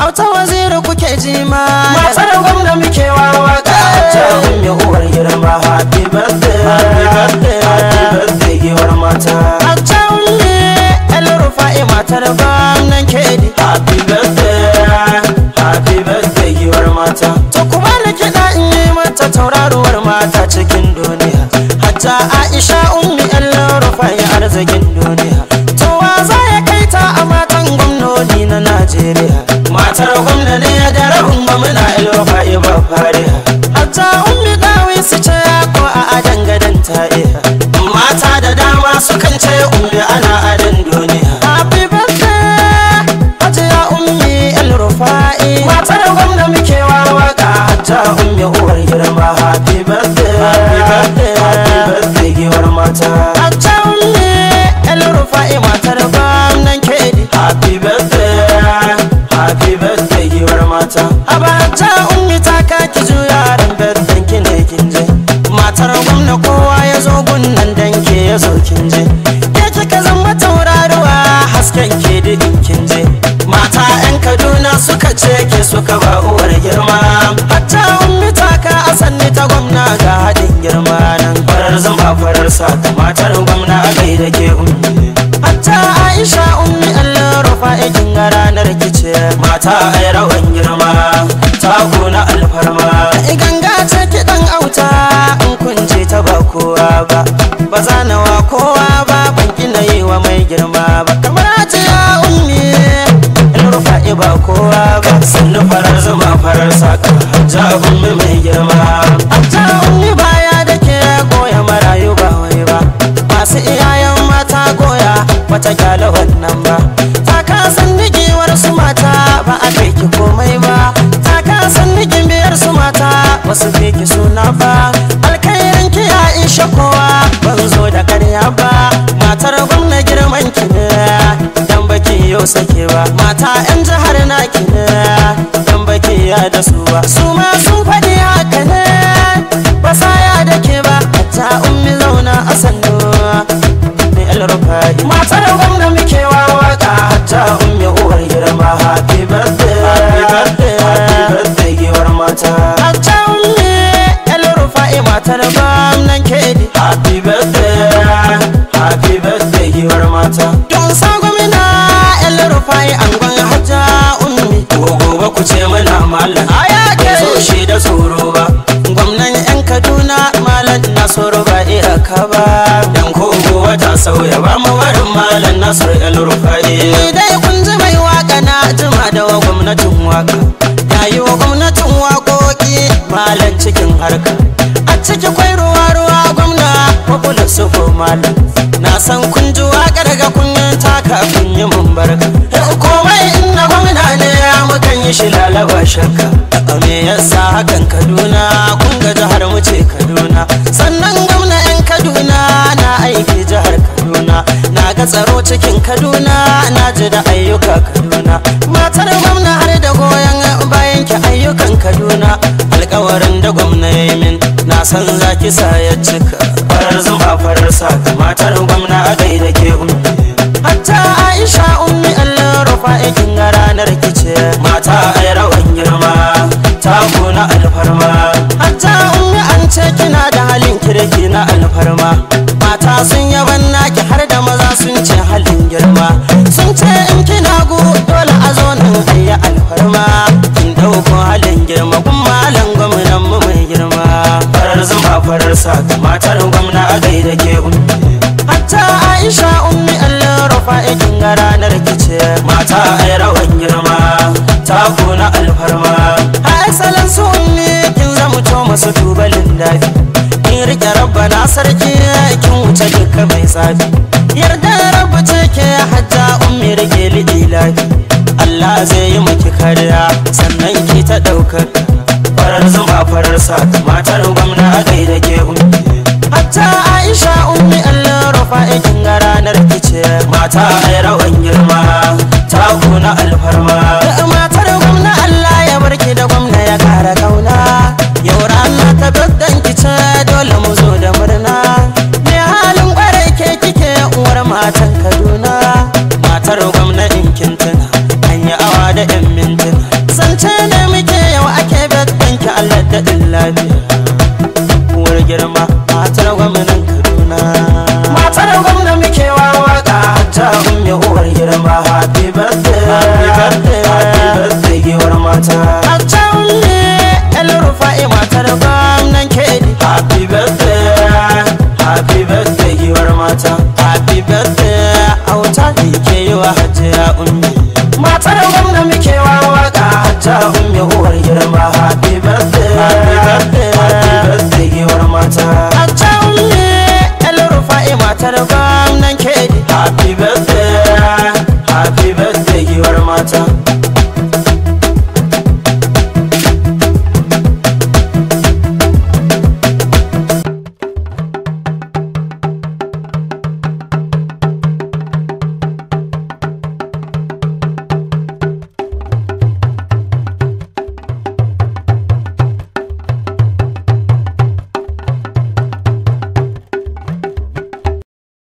auta waziri kuke ji ma matar gwamna muke wawa ka ta ya uwar girma happy birthday happy birthday happy birthday giwar mata auta wunye el rufa'i matar gwamnan kedi happy birthday happy birthday giwar mata to kuma na kiɗa in yi mata tauraruwar mata cikin duniya hatta aisha ummi ta iya mata da dama sukan ce ummi ana adan duniya happy birthday hajiya ummi el rufa'i matar gwamna muke wa waka hatta ummi uwar girma happy birthday happy birthday happy birthday giwar mata sa matar gwamna a kai da ke ummi hatta aisha ummi allah rufa ikin ga ranar kice mata ai rawan girma ta na alfarma ganga ce kiɗan auta in kunce ta ba kowa ba ba za na wa kowa ba ban kina yi wa mai girma ba kamar ce ya ummi in rufa'i ba kowa ba sun farar zama farar saka ja ummi mai girma ta kyale wannan ba ta ka san digewar su mata ba a kai ki komai ba ta ka san digin biyar su mata ba su kai ki suna ba alkairin ki ya ishe kowa ban zo da karya ba matar gwamna girman ki ne dan baki yau sake ba mata yan jihar na ne dan baki ya da su ba su ma sun faɗi maza don sa gwamna yan rufai angon hajja ummi ko gobe ku ce mana malam a yaƙe so shi da tsoro ba gwamnan yan kaduna malam nasoro ba iraka ba dan ko gobe ta sauya ba mawarin malam nasoro yan rufai ni dai kun ji mai waka na jima da wa gwamnatin waka yayi wa gwamnatin waƙoƙi malam cikin harka a ciki kwai ruwa ruwa gwamna kwakwalin su ko malam na san kun ji wa. daga kunnen ta kafin yi mun barka yau komai in na gwamna ne ya mukan yi shi lalaba shakka me yasa hakan kaduna kun ga jihar mu ce kaduna sannan gwamna yan kaduna na aiki jihar kaduna na ga tsaro cikin kaduna na ji da ayyuka kaduna matar gwamna har da goyon bayan ki ayyukan kaduna alkawarin da gwamna ya min na san zaki sa ya cika farar zuma farar sa matar gwamna fa'ikin ga ranar kice mata ai rawan girma ta na alfarma hatta in an ce kina da halin kirki na alfarma mata sun yaban naki har da maza sun ce halin girma sun ce in kina gu dole a zo nan ayya alfarma kin dauko halin girma kun malam gwamnan mu mai girma farar zuma farar sa matar gwamna a gaida ke fa'ikin ga ranar kice mata ai rawan girma ta na alfarma A salon su ummi kin zamuto masu tubalin dafi kin rike rabba na sarki kin wuce duka mai tsafi yarda rabba ce ke hajja ummi rike liɗi lafi Allah zai yi miki kariya sannan ki ta ɗaukar farar zuma farar sa matar gwamna a da ke ummi hatta Aisha ummi Allah rufa Ta rawan girma ta kuna alfarma da matar gwamna Allah ya barki da gwamna ya kara kauna yau rana ta daddan kice dole mu zo da murna me halin kwarai ke kike uwar matan Kaduna matar gwamna in kin tuna an yi awa da yan mintuna zance ne muke yau ake beddan ki Allah da lafiya girma happy birthday happy birthday happy birthday giwar mata a ulle el rufa'i matar gwamnan kedi happy birthday happy birthday giwar mata happy birthday auta ke yi wa hajiya ummi matar gwamnan muke wa waka hatta ummi uwar girma happy birthday happy birthday